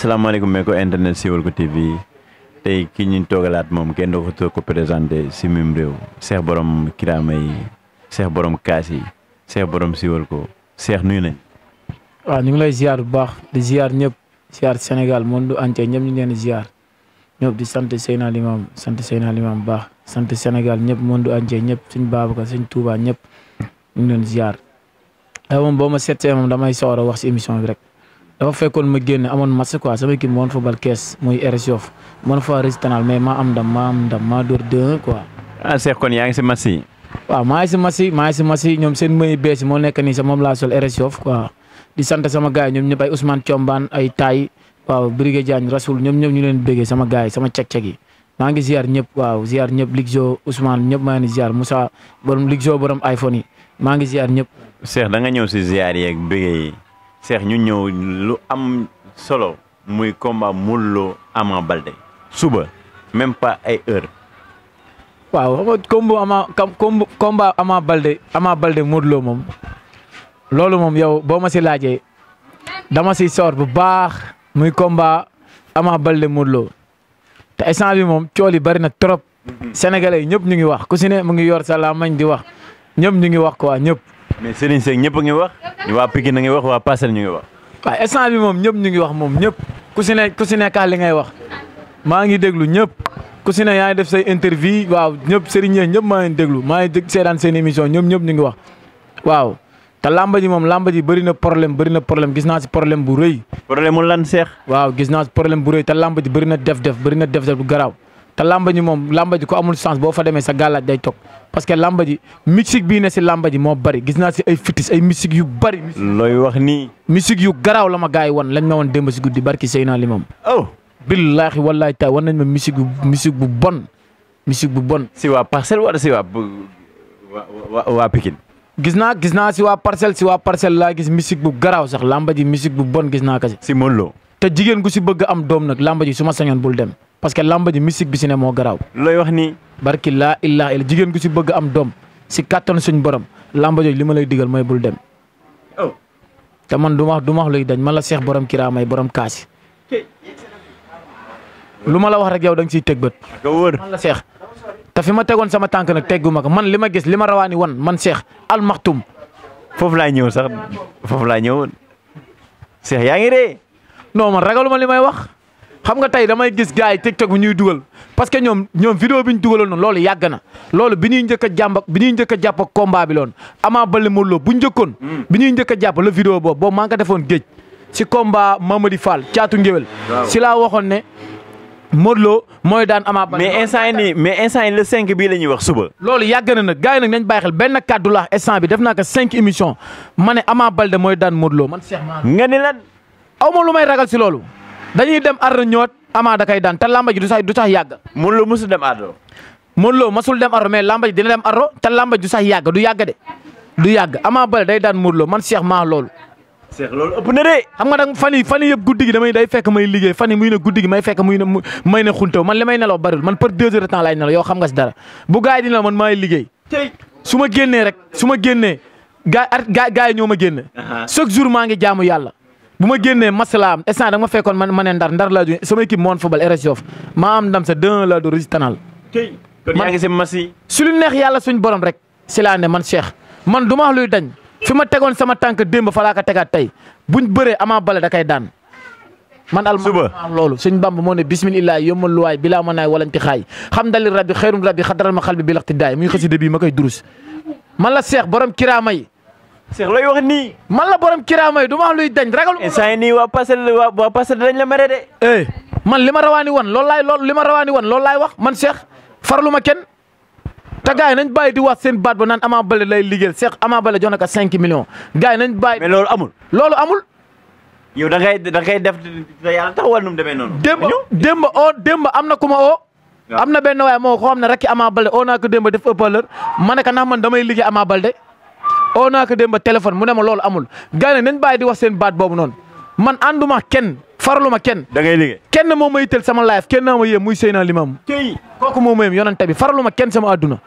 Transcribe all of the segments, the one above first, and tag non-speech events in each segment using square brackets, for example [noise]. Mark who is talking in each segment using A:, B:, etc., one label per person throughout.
A: salaamaaleykum mee ko internet Siweul ko TV tey ki ñu toogalaat moom kenn doo ko toog ko présenté si mim réew seex borom kiraama yi seex borom kaas yi seex borom siwal ko seex nuyu nañ.
B: waa ñu ngi lay ziar bu baax di ziar ñëpp ziar Sénégal monde entier ñëpp ñu ngi leen ziar ñëpp di sant Seynal Imaam sant Seynal Imaam bu baax sant Sénégal ñëpp monde entier ñëpp suñ Babacar suñ Touba ñëpp ñu ngi leen ziar. moom boo ma seetee moom damay a wax si émission bi rek. dafa fekkoon ma génn amoon match quoi sama équipe moon football kees muy RS Yoff moon fa mais maa am ndam maa am ndam maa dóor deux quoi.
A: ah Cheikh kon yaa ngi si match yi.
B: waaw maa ngi si match yi maa ngi si match yi ñoom seen mëy bees moo nekk nii sa moom laa sol RS quoi di sant sama gars ñoom ñëpp ay Ousmane Thiombane ay Taay waaw Brigué Diagne Rasoul ñoom ñëpp ñu leen sama gars yi sama cek-cek yi maa ngi ziar ñëpp waaw ziar ñëpp Ligzo Ousmane ñëpp maa ngi ziar Moussa borom Ligzo borom iPhone yi maa ngi ziar ñëpp.
A: Cheikh da nga ñëw si ziar yeeg bëggee yi Cheikh ñu ñëw lu am solo muy combat Modou Ama balde suba même pas ay heure
B: waaw combat Ama combat Ama balde Ama balde Modou mom lolu mom yow bo ma si laajee dama ci sor bu baax muy combat Ama balde Modou Lo instant bi mom cioli bari na trop mhm. sénégalais yi ñu ngi wax ku ci ne mu ngi yor salam mañ di wax ñëpp ñu ngi wax quoi mais Serigne
A: Seck ñëpp a ngi wax waa Pikine a ngi wax waa Parcelles
B: ñu moom ñëpp ñu ngi wax moom ñëpp ku si ne li ngay wax maa ngi déglu ñëpp ku si ne def say interview waaw ñëpp Serigne ñëpp maa ngi déglu maa ngi seetaan seen émission ñoom ñëpp ñu ngi wax waaw. te lamba ji moom lamba ji bëri na problème bëri na problème gis naa si problème bu rëy. problème mu lan seex. waaw gis naa si problème bu rëy te lamba ji bëri na def-def bëri na def-def bu garaaw te lamba ji moom lamba ji ko amul sens boo fa demee sa gàllaaj day toog parce que làmba ji musique bii ne si làmba ji moo bëri gis naa si ay fitis ay musique yu bëri. looy wax ni musique yu garaaw la ma gars yi wan lañ ma woon démb si guddi barki Seydina Limam. oh. billaahi wallaahi taay wan nañ ma musique bu bu bon musique bu bon. si waa parcelle wala si waa waa gis naa gis naa si waa parcelle si waa parcelle laa gis musique bu garaaw sax làmba ji musique bu bon gis naa ko si. si Modou te jigen gu ci bëgg am dom nak lamba ji suma sañon bul dem parce que lamba ji musique bi ci ne mo graw loy wax ni. barki la illaa illa jigen gu si bëgg am dom ci carton suñ borom lamba ji lima lay digal moy bul dem. Oh. te man duma ma wax du wax luy dañ man la seex borom kiraamay borom kasi luma la wax rek yow man la cheikh te fima sama tank nak teggu man lima gis lima rawani won wan man al maktum fofu la ñew sax fofu la ñew cheikh yaangi re non man ragaluma li may wax xam nga tey damay gis gars yi TikTok bi ñuy dugal parce que ñoom ñoom vidéo bi ñu dugaloon loolu yàgg na loolu bi ñuy njëkk a bi ñuy njëkk jàpp ak combat bi loon Ama Baldé Modou Lô bu njëkkoon hmm. bi ñuy njëkk a jàpp la vidéo boobu boobu maa ngi ko defoon géej si combat Mamadi Fall caatu ngéwél si laa waxoon ne Modou Lô mooy daan amaa Baldé mais instant yi nii mais instant yi le cinq bii la ñuy wax suba loolu yàgg na nag gars yi nag nañ bàyyi benn kàddu la instant bi def naa ko cinq émission ma ne Ama Baldé mooy daan Modou man Cheikh aw ma lu may ragal si loolu dañuy dem ardo ñoot Ama da kay daan te lamba ji du sax du sax yàgg. Modou Lo musul dem ardo. Modou Lo masul dem ardo lamba ji dina dem ar te lamba ji du sax yàgg du yàgg de du yàgg Ama Baldé day daan Modou Lo man Cheikh maa loolu.
A: Cheikh loolu ëpp na
B: de. xam nga nag fan yii fan yëpp guddi gi damay day fekk may liggéey fan yii muy ne guddi gi may fekk muy ne may ne xuntaw man li nelaw bariwul man par deux heures de temps laay nelaw yow xam nga si dara bu gars yi di nelaw man maay liggéey. su ma génnee rek su ma génnee gaa gaa yi ñoo ma génne. chaque jour maa ngi jaamu yàlla buma génné génnee instant dama fekkon man mané ndar ndar la djou sama équipe monde football RS ma am ndam sa dën la do résistanal.
A: tey kon yaa
B: ngi Massi. su lu neex yàlla suñ borom rek si laa ne man Cheikh man duma luy dañ fi ma tegoon sama tànk démb fa la ka tégat tay buñ bëree Ama Baldé da kay daan. man al maam lolu suñ bamb mo ne bismillah yomul luwaay bila ma naay walanti khay xam dali rabbi xeerum rabbi khadral ma khalbi bil bi laxti daay muy xasida bi ma durus man la Cheikh borom kiramay Cheikh looy wax nii. man la borom kiraama yi du ma wax luy dañ ragal. instant yii nii waa passé dañ la mere de. eh man li ma rawaani wan loolu laay loolu li ma rawaani wan loolu laay wax man Cheikh faralu ma kenn. ta gars nañ bàyyi di wax seen baat ba naan Ama Baldé lay liggéeyal Cheikh amaa Baldé jox na ko 5 millions gars yi nañ bàyyi. mais loolu amul. loolu amul. yow da ngay da ngay def yàlla taxawal nu mu demee noonu. démb démb oo oh, démb am na ku ma oo. am na benn waaye moo ko xam ne rek Ama Baldé oo naa ko démb def ëppaleur ma ne ko ndax man damay liggéey Ama Baldé oo naa ko dem ba téléphone mu ne ma loolu amul gars yi nañ bàyyi di wax seen baat boobu noonu man ànduma kenn faraluma kenn. da ngay liggéey kenn moo ma yitteel sama life kenn naa ma yéem muy Seydina Limamou. tey kooku moo ma yéem yonante bi faraluma kenn sama adduna.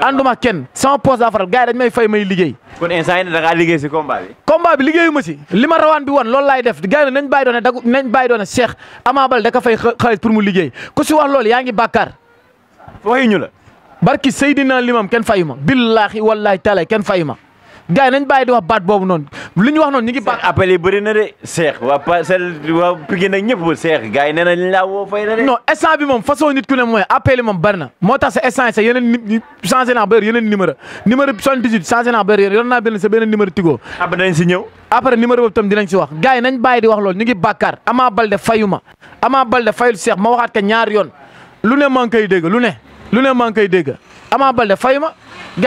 B: ànduma kenn sama poste daa faral gars yi dañ may fay may liggéey.
A: kon instant yii da ngaa liggéey si combat
B: bi. combat bi liggéeyu ma si li ma rawaan bi wan loolu laay def gars yi nañ bàyyi doon dagu nañ bàyyi doon Cheikh Ama Baldé da ka fay xaalis pour mu liggéey ku si wax loolu yaa ngi bàkkaar. waxi ñu la. barki Seydina Limamou kenn kenn fayu ma gars yi nañ bàyyi di wax baat boobu noonu li ñu wax noonu ñu ngi baat appel yi bëri na de Cheikh waa Parcelles waa Pikine nag ñëpp nañ laa woo fay na de non bi moom façon nit ku ne mooy appel yi moom bëri na moo tax sa instant sa yeneen ni changé naa yeneen numéro numéro 78 changé naa ba yor naa benn sa beneen numéro Tigo ah, si ñëw après numéro boobu tam dinañ si wax gars nañ bàyyi di wax loolu ñu ngi bàkkaar Ama Baldé fayu ma Ama Baldé fayul Cheikh ma waxaat ka ñaar yoon lu ne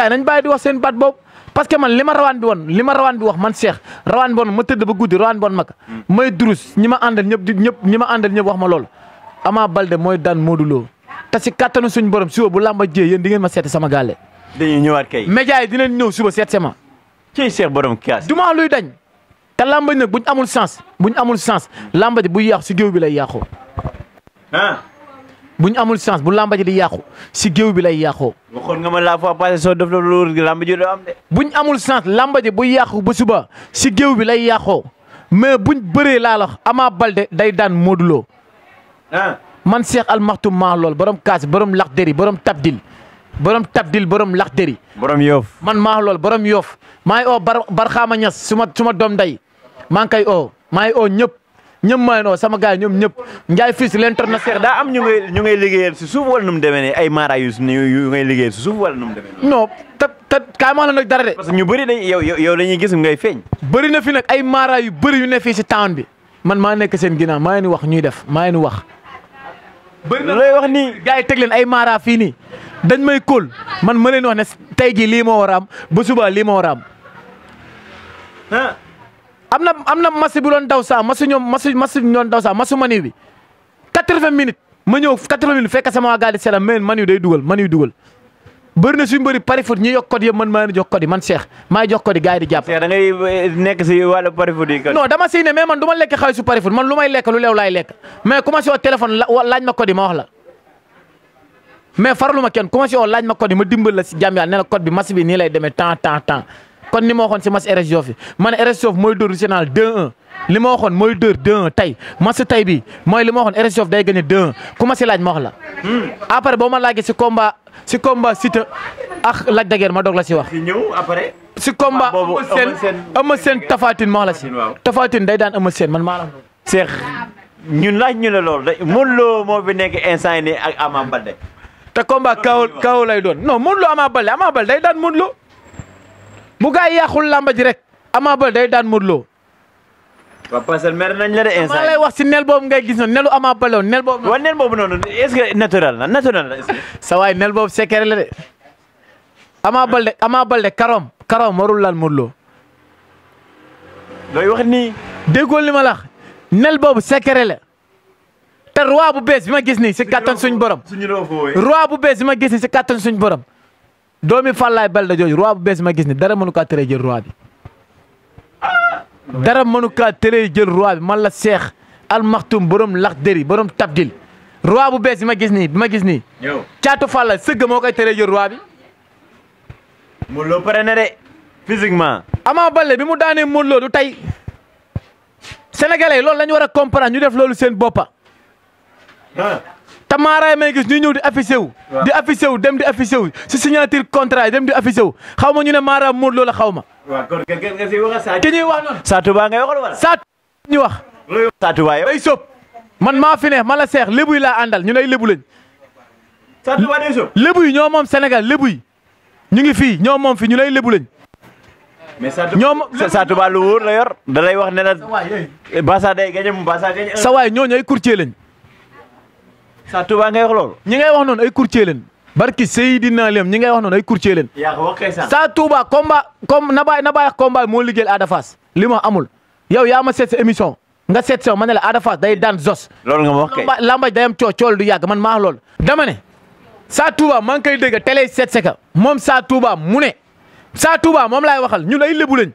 B: nañ bàyyi parce que man li ma rawaan bi woon li ma rawaan wax man Cheikh rawaan bi woon ma tëdd ba guddi rawaan bi woon mag may durus ñi ma àndal ñëpp ñi ma àndal ñëpp wax ma lool Ama Baldé mooy daan Modou Lo te si kattanu suñ borom suba bu làmba jiyee yéen di ngeen ma seet sama gàlle dañuy ñëwaat média yi dinañ ñëw suba seet sama ci Cheikh borom kaas du ma luy dañ te làmba ji nag buñ amul sens buñ amul sens làmba bu buy si géew bi lay yàqu ah. bu ñu amul chance bu làmba ji di yàqu si géew bi lay yàqoo. waxoon
A: ma la fois passée soo def loolu làmba ji doo am de.
B: bu ñu amul chance làmba bu yàqu ba suba si géew bi lay yàqoo mais buñ bëree laa la Ama Baldé day daan Modou Lo. man Cheikh Al Maktoum lool borom kaas borom lax deri borom tabdil borom tabdil borom lax deri. borom yoof man maa lool borom yoof maa ngi oo bar barxaama ñas su ma su ma doom day maa ngi oo maa oo ñëpp ñoom mooy noonu sama gars ñoom ñëpp Ndiaye fils l'international daa am ñu ngay ñu ngay liggéeyal si suuf wala nu mu demee ne ay mara yu yu ngay liggéeyal si suuf wala nu mu demee non te te kaay la nag dara de parce que ñu bari dañ yow yow dañuy gis ngay feeñ bëri na fi nag ay mara yu bëri yu ne fii si town bi man maa nekk seen ginnaaw maa wax ñuy def maa ngi wax bëri na looy wax nii gaa yi teg leen ay maaraa fii nii dañ may kool man ma leen wax ne tey jii lii moo war a ba suba lii moo war a am na am na match bu doon daw bi 80 minutes ma ñëw 80 minutes fekk sama waa gars di seetaan man Manu day dugal Manu dugal bëri na suñu bëri pari foot ñi yokk code yëpp man maa ngi jox code yi man Cheikh maa ngi jox code yi gars yi di jàpp. Cheikh da
A: ngay eh, nekk si wàllu pari foot yi. non
B: dama siy ne mais man du ma lekk xaalisu pari foot man lu may lekk lu leew laay lekk mais commencé woo téléphone laaj ma code yi ma wax la. mais farlu ma kenn commencé woo laaj ma code ma dimbal la si jàmm yàlla ne bi match bi nii lay demee temps temps temps kon ni ma waxoon si match RS Yoff fi ma ne RS Yoff mooy dóor Arsenal 2-1 li ma waxoon mooy dóor 2-1 tey match mooy li ma waxoon RS Yoff day gagné 2-1 si laaj ma wax la. Hmm. après boo ma laajee si combat si combat Siteu ak Lac de ma doog la si wax. si ñëw après. si combat ama ah, Sène Eumeu Sène Tapha Tine ma wax la si. Tapha day daan Eumeu Sène man maa la. ñun laaj ñu la lool de moo fi nekk instant yii nii ak Ama Baldé. te combat kaw doon non Modou Lo Ama Baldé Ama Baldé day daan Modou Lo. bu gaa yi yàqul làmba ji rek Ama Baldé day daan Modou Lo. waa parcelle mer nañ la lay wax si nel boobu ngay gis noonu nelu Ama Baldé woon nel boobu. waaw nel boobu sa waay nel boobu secret la de. Ama Baldé wax nii. déggoo li ma la wax nel te roi bu bees bi ma gis nii si kattan suñu borom. suñu roi bu bees bi ma gis nii si kattan suñu borom. doomi Fallaye Balde jooju roi bu bees ma gis ni dara mënu kaa tëree jël bi dara mënu kaa tëree jël roi man la seex almaxtum borom lax dëri borom tabdil roi bu bees bi ma gis nii bi ma gis nii. caatu Fallaye sëgg moo koy tëree jël roi bi. pare na de physiquement. Ama Balde bi mu daanee Modou Lo du tey sénégalais loolu lañu ñu war a comprendre ñu def loolu seen boppa te maaraay may gis ñuy ñëw di affiché wu. di affiché wu dem di affiché wu si signature contrat yi dem di affiché wu xaw ma ñu ne maaraam Modou Lo la xaw ma.
A: waaw kon ngeen nga si
B: ñuy wax noonu. Sa Touba ñu wax. Sa Touba yow. day man maa fi neex ma la seex lébu yi laa àndal ñu lay lébu lañ. Sa Touba day sóob. yi ñoo moom Sénégal lébu yi ñu ngi fii ñoo moom fi ñu lay lébu lañ. mais Sa
A: Touba lu wóor la yor da lay wax ne la. Bassa day gañe Bassa gañe. sa waay ñooñu ay courtier
B: lañ sa Touba ngay wax ñi ngay wax noonu ay courtier leen. barki Seydina Liam ñi ngay wax noonu ay courtier leen.
A: yaa ko waxee sa.
B: sa Touba combat comme na bàyyi na bàyyi combat moo liggéeyal Ada Fass amul yow yaa ma seet émission nga seet sa ma ne la Ada day daan zos. loolu nga ma wax kay lambaj day am coow coow du yàgg man maa wax loolu. dama ne sa Touba maa ngi koy dégg télé seet sa ka moom sa Touba mu ne sa Touba moom laay waxal ñun ay lébu lañ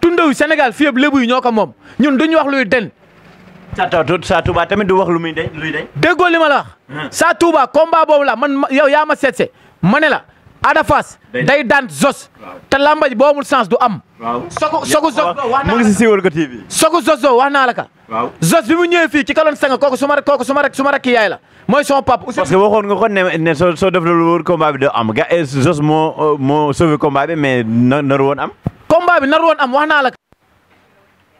B: tundaw Sénégal fii yëpp yi ñoo ko moom ñun duñu wax luy den Sa Touba tamit du wax lu muy de luy de. déggoo li ma la wax. boobu la man yow yaa ma seetse ma ne la. Ada Fass day daan Zos. te lamba ji boo du am. waaw soog soog Zos. mu ngi si siiwal ko TV. wax naa la ka. waaw Zos bi mu ñëwee fii ci kaloon sanga kooku suma kooku yaay la
A: mooy son papa. parce que waxoon nga ko ne ne soo soo def lu wóor combat bi do am ga eh, Zos moo moo sauvé combat bi mais naru woon am.
B: combat bi naru woon am wax naa la ka.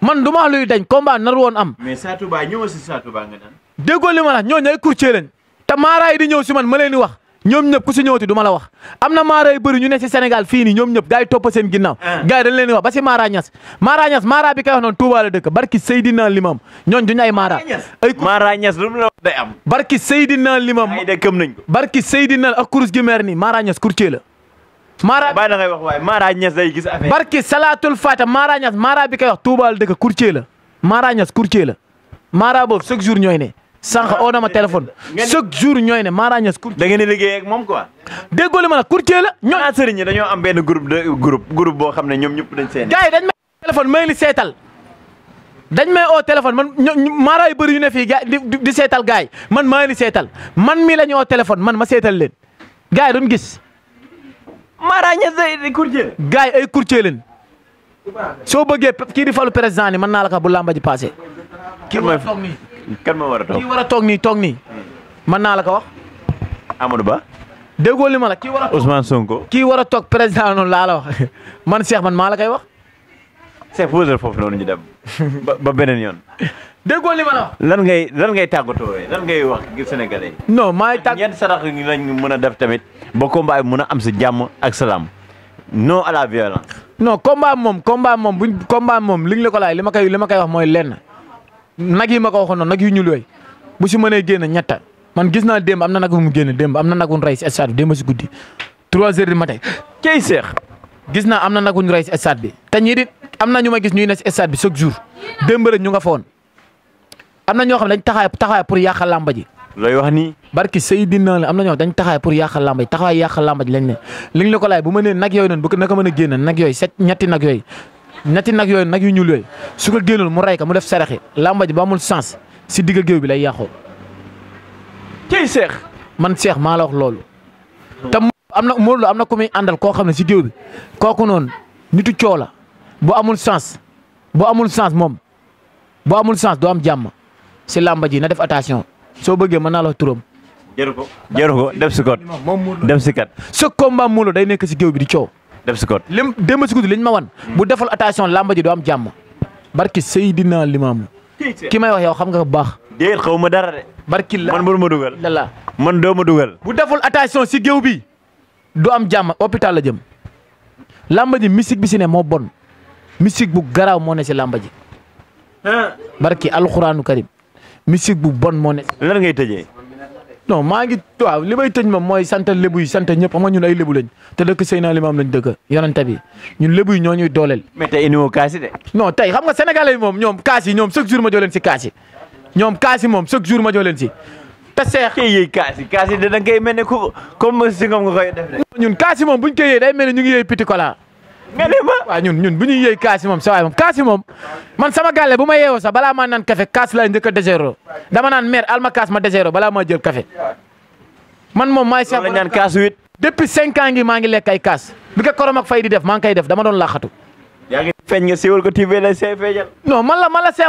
B: man du ma luy dañ combat nar woon am. mais Satou Ba ñëw la ñooñu ay courtier lañ te maaraay di ñëw si man ma wax ñoom ñëpp ku si ñëwati du la wax am na maaraay bëri ñu ne si Sénégal fii nii ñoom ñëpp gars yi topp seen ginnaaw. Ah. gars yi dañ leen di wax ba si Mara Niass. Mara Niass Mara bi kay wax noonu Touba la barki Seydina Limam ñooñu duñu ay Mara. ay Mara Niass lu mu la am. barki Seydina Limam ay nañ ko. barki Seydina ak kurus gi meer nii Mara Niass courtier la maara bàyyi la ngay wax waaye Mara Niass day gis affaire barki salaatul faata Mara Niass Mara bi koy wax Touba la dëkk courtier la Mara Niass courtier la Mara boobu chaque jour ñooy ne. na ma téléphone chaque jour ñooy ne Mara Niass courtier. da ngeen di liggéey ak moom quoi. déggoo li ma la courtier la. dañoo am benn groupe de groupe boo xam ne ñoom ñëpp dañ seen gars dañ may téléphone may li seetal dañ may oo téléphone man Mara yu bëri yu ne fii gars di seetal gars man maa ngi seetal man mii la ñu oo man ma seetal leen gars yi duñ gis Bara Niass ay courtier gars yi ay courtier leen soo bëggee kii di falu président ni mën naa la ko bu làmba ji passé. kii war a toog nii kan war toog war a toog nii toog nii. mën naa la ko wax. Amadou Ba. déggoo li ma la kii war a toog Sonko. kii war a toog président noonu laa la wax [laughs] man Cheikh man maa la koy wax. Cheikh posé foofu noonu ñu dem [laughs] ba beneen yoon. déggoo li ma la wax. lan ngay lan
A: ngay tàggatoo lan ngay wax ngir sénégalais maay tàgg ñeent sarax mën a def tamit ba combat bi mën a am si jàmm ak salaam no à la violence.
B: non moom combat moom buñ combat moom liñ la ko laaj li ma koy li ma koy wax mooy lenn nag yi ma ko waxoon noonu nag yu ñuul yooyu bu si mënee génn ñetta man gis naa démb am na nag wu mu génn démb am na nag wu ñu rey si bi démb si guddi trois heures du matin cey seex gis naa am na nag wu ñu rey si bi te ñii am na ñu ma gis ñuy ne si bi chaque jour démb rek ñu nga foo am na ñoo xam ne dañ taxaay taxaay pour yàq làmba ji. looy wax nii. barki Seydina la am na ñoo dañ taxaay pour yàq làmba ji taxaay yàq làmba ji lañ ne li nga ko laaj bu ma nee nag yooyu noonu bu ko naka mën a génne nag yooyu set ñetti nag yooyu ñetti nag yooyu nag yu ñuul yooyu su ko génnoon mu rey ko mu def saraxi làmba ji ba amul sens si digg géew bi lay yàqoo. cey Cheikh. man Cheikh maa la wax loolu. te am na Modou Lo am na ku muy koo xam ne si géew bi kooku noonu nitu coow la bu amul sens bu amul sens moom bu amul sens du am jàmm ci lamba ji na def attention so beugé man na la turum
A: jëru ko jëru
B: ko def si kot def si kat. ce combat Modou day nek ci géew bi di ciow def si lim dem ci guddi liñ ma wan. Hmm. bu defal attention lamba ji do am jamm barki sayidina limam ki may wax yow xam nga bu baax. déet xawma dara de. barki la man mënu duggal la la man do ma duggal bu deful attention ci géew bi do am jamm hôpital la jëm. lamba ji musique bi si ne moo bon musique bu garaw mo ne ci lamba ji. barki alxuraanu karim. musique bu bon moo ne. lan ngay tëjee. non maa ngi waaw li may tëj moom mooy sant lébu yi sant ñëpp xam nga ñun ay lébu lañ te dëkk Seydina Limaam lañ dëkk yonente bi ñun lébu yi dooleel. mais tey indiwoo nga sénégalais moom ñoom kaas ñoom chaque jour ma joo si kaas ñoom kaas moom chaque jour ma joo si. te seex kii yëy kaas yi kaas yi dana ngay ku ñun kaas yi moom buñ koy yëy day mel ne ñu ngi yëy pitikola nga ne ma waaw ñun ñun bu ñuy yëy kaas yi moom sa waay moom kaas yi moom man sama gàlle bu ma yeewoo sax balaa maa naan café kaas laa njëkk a désero dama naan mer al ma kaas ma désero balaa maa jël café man moom maay sax naan kaas huit depuis cinq ans ngi maa ngi lekk ay kaas bi ko korom ak fay di def maa ngi koy def dama doon laaxatu yaa ngi feeñ nga siiwal ko TV la see feeñal non man la man la see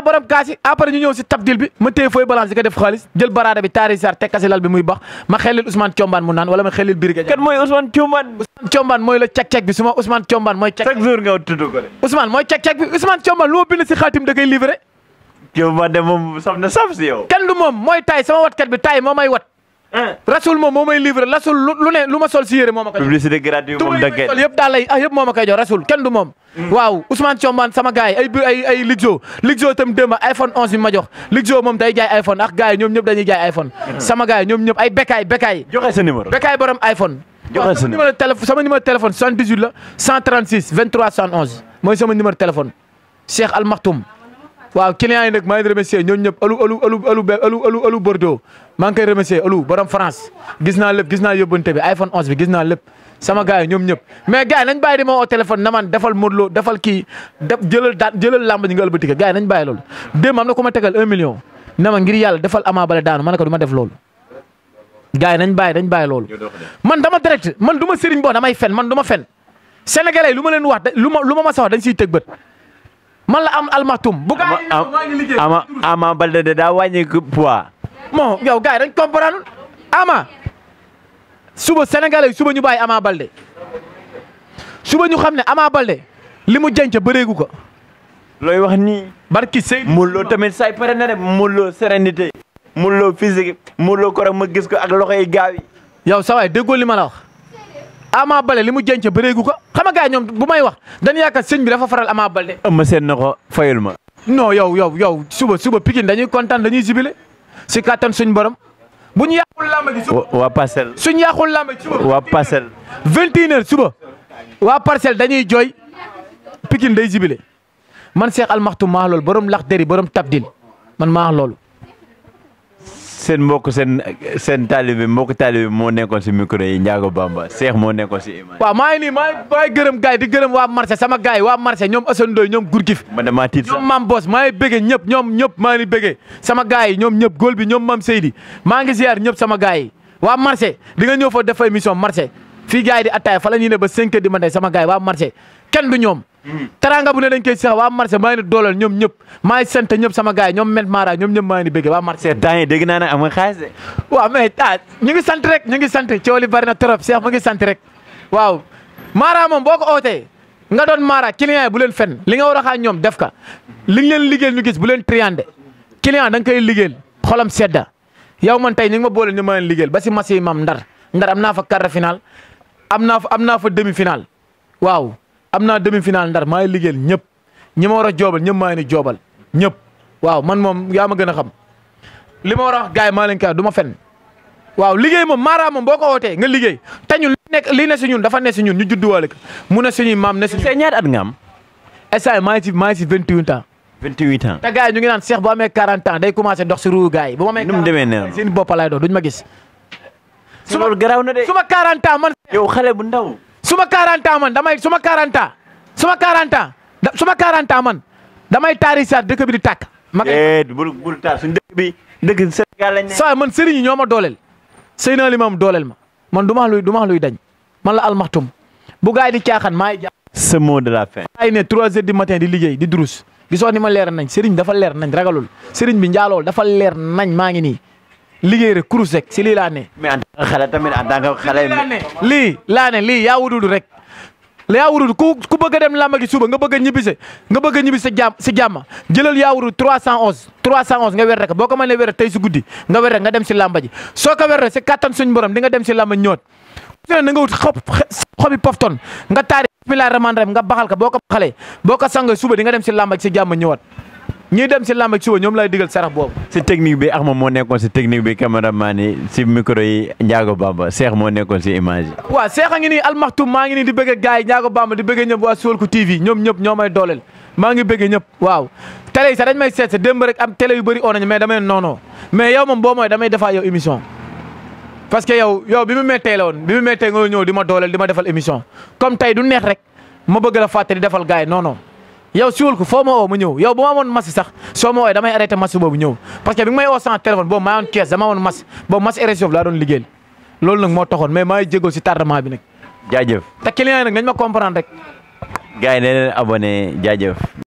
B: après ñu ñëw si tabdil bi ma téye fooy balance di def xaalis jël baraada bi taari sar tekkasi lal bi muy bax ma xelil Ousmane Thiombane mu naan wala ma xelil Birika kan mooy Ousmane Thiombane Ousmane Thiombane mooy la cek bi su ma Ousmane Thiombane mooy cek chaque bi Ousmane Thiombane lu ma bind si xaatim da koy livré de moom saf na saf si yow kenn du moom mooy taay sama watkat bi taay moo may Eh. rasul moom moo may livré rasul lu ne lu ma sol si yére moo ma koy jox. publicité
A: gratuite moom dëgg sol jox
B: rasul kenn du moom. Mm. waaw Ousmane Thiombane sama gars ay ay ay Ligzo Ligzo iPhone 11 bi ma jox moom day jaay iPhone ak gars ñoom ñëpp dañuy jaay iPhone. Mm. sama gars yi ñoom ñëpp ay bekkaay bekkaay. joxe sa numéro bekkaay borom iPhone. joxe sa numéro sama numéro téléphone sama numéro téléphone Cheikh Al waaw client yi nag maa ngi remercier ñooñu ñëpp alu alu alu alu alu maa ngi koy remercier alu borom France gis naa lépp gis bi iPhone 11 bi gis naa sama gaay ñom ñep mais gaay nañ bàyyi di ma au téléphone na man defal modlo defal ki def jëlal daan jëlal làmb ji nga ëlbatike gars naman nañ bàyyi lool mana am na ku ma tegal un million na ma ngir yalla defal Ama daanu man ko duma def lool gaay nañ dañ lool man dama direct man duma serigne bo damay fen man duma fen sénégalais luma leen wax luma luma ma sax dañ ci beut man la am almatum bu gaay ama
A: Ama balde da wañi poids
B: bon yow gars yi dañ comprendre ama suba sénégalais yi suba ñu bàyyi Ama Baldé suba ñu xam ne Ama Baldé li mu jenc bëreegu ko. looy wax nii. barki sëy Modou Lo tamit say pare na de Modou Lo sérénité
A: Modou Lo physique Modou
B: Lo koro ma gis ko ak loxo yi gaaw yi. yow sa waay li ma la wax Ama Baldé li mu jenc bëreegu ko xam nga ñoom bu may wax dañu yaakaar sëñ bi dafa faral Ama
A: am ma seen na ko fayul ma.
B: non yow yow yow suba suba Pikine dañuy kontaan dañuy jibile si kattan suñ borom. bu ñu yàqul làmb ji suba waa parcelle. suñu yàqul làmb ji suba waa parcelle. 21h suba waa parcelle dañuy jooy Pikine day jibile man Cheikh Al Maktoum maa loolu borom lax deri borom tabdil man maax loolu.
A: seen mbokk seen seen taalibe mbokk taalibe moo nekkoon si micro yi Ndiago Bamba Cheikh moo nekkoon si image.
B: waaw maa ngi nii maa ngi gërëm gars di gërëm waa marché sama gars yi waa marché ñoom Assane Ndoye ñoom Gourgif. man damaa tiit ñoom Mam Bos maa ngi bëggee ñëpp ñoom ñëpp maa ngi bëggee sama gars yi ñoom ñëpp góol bi ñoom Mam Seydi maa ngi ziar ñëpp sama gars yi waa marché di nga ñëw foofu def fa émission marché fii gars yi di attaaya fa la ñuy ne ba 5 heures du sama gars waa marché kenn du ñoom Hmm. teranga bu ne dañ koy sax waa marché may ngi dolal ñom ñep may sante ñep sama gaay ñom met mara ñom ñep may ni bëgg wa marché temps yi dégg na ne amul xaalis de waaw mais ñu ngi sante rek ñu ngi sante coow li bari na torop Cheikh mu ngi sante rek waaw mara mom boko oté nga don mara client bu len fen li nga wara a ñom def ka li ngi len liggéel ñu gis bu len triandé client dañ koy liggéel xolam sedda yow man tay ñu ngi ma ñu ma leen liggéel ba ci marché mam ndar ndar amna fa quart final amna fa amna fa demi final waaw am na demi final ndar maa ngi liggéeyal ñëpp ñi ma a joobal ñëpp maa ni joobal ñëpp waaw man moom yaa ma gën a xam li ma war a wax gars ma fenn waaw liggéey moom maara moom boo ko wootee nga liggéey te ñun li nekk li ne ñun dafa ne si ñun ñu judduwaale ko mu ne suñuy maam ne si ñun. ñaari at nga ñu ngi naan Cheikh bu amee 40 ans day commencé dox si ruu gars yi. bu ma amee 40 ans seen bopp yow xale bu ndaw. suma 40 ans man damay suma 40 ans suma 40 ans suma 40 ans man damay taarisaat dëkk bi di tàkk. ma koy eh, bul bul taar suñu bi dëkk Sénégal man sëriñ yi ñoo ma dooleel sey na li ma am dooleel ma man du ma luy du ma luy dañ man la almaxtum bu gaay di caaxaan maa ngi.
A: ce mot de la fin.
B: ay ne 3 heures du matin di liggéey di durus gisoo ni ma leer nañ sëriñ dafa leer nañ ragalul sëriñ bi njaaloo dafa leer nañ maa ngi nii. liguer rek rek si lii laa ne. mais en tant que xalé tamit en tant que xalé li la né li ya wudul rek. ya wudul ku ku bëgg dem làmba gi suba nga bëgg ñibisé nga bëgg ñibisé ñibbise ci si jëlal ya wudul 311 311 nga wër rek boko mané wër tay su guddi nga wër rek nga dem ci làmba ji soo ko rek ci katan suñu borom di nga dem ci làmba ñoot. su na nga wut xop xobi pofton nga tari bismillah rahmaan rahim nga baxal ka boko ko boko sangay suba di nga dem ci làmba ci si ñoot ñuy dem si làmb ci ñoom lay digal sarax boobu. si technique bi Axma moo nekkoon
A: si technique bi caméraman yi si micro yi Ndiago Bamba moo nekkoon si image yi.
B: waaw Cheikh a ngi maa ngi nii di bëgg gars yi Ndiago Bamba di bëgg ñëpp waa Siweulko TV ñoom ñëpp ñoo dooleel maa ngi bëgg ñëpp waaw. télé yi sax dañ seet sa démb rek am télé yu bëri oo nañu mais damay non non mais yow moom boo mooy damay defaa yow émission. parce que yow bi mu méttee la woon bi mu méttee nga ñëw di ma dooleel di ma defal émission comme tey du neex rek ma bëgg la defal gars yi non yow siwul ko foo ma woo mu ñëw yow bu ma amoon mas sax soo ma woowee damay arrêté mas boobu ñëw parce que bi nga may oo sans téléphone boobu maa yoon kees dama amoon mas boobu mas érection bi laa doon liggéeyal loolu moo taxoon mais maa ngi jégal si tardement bi nag. jaajëf te client yi nag nañ ma comprendre rek.
A: gars yi nee nañ abonné jaajëf.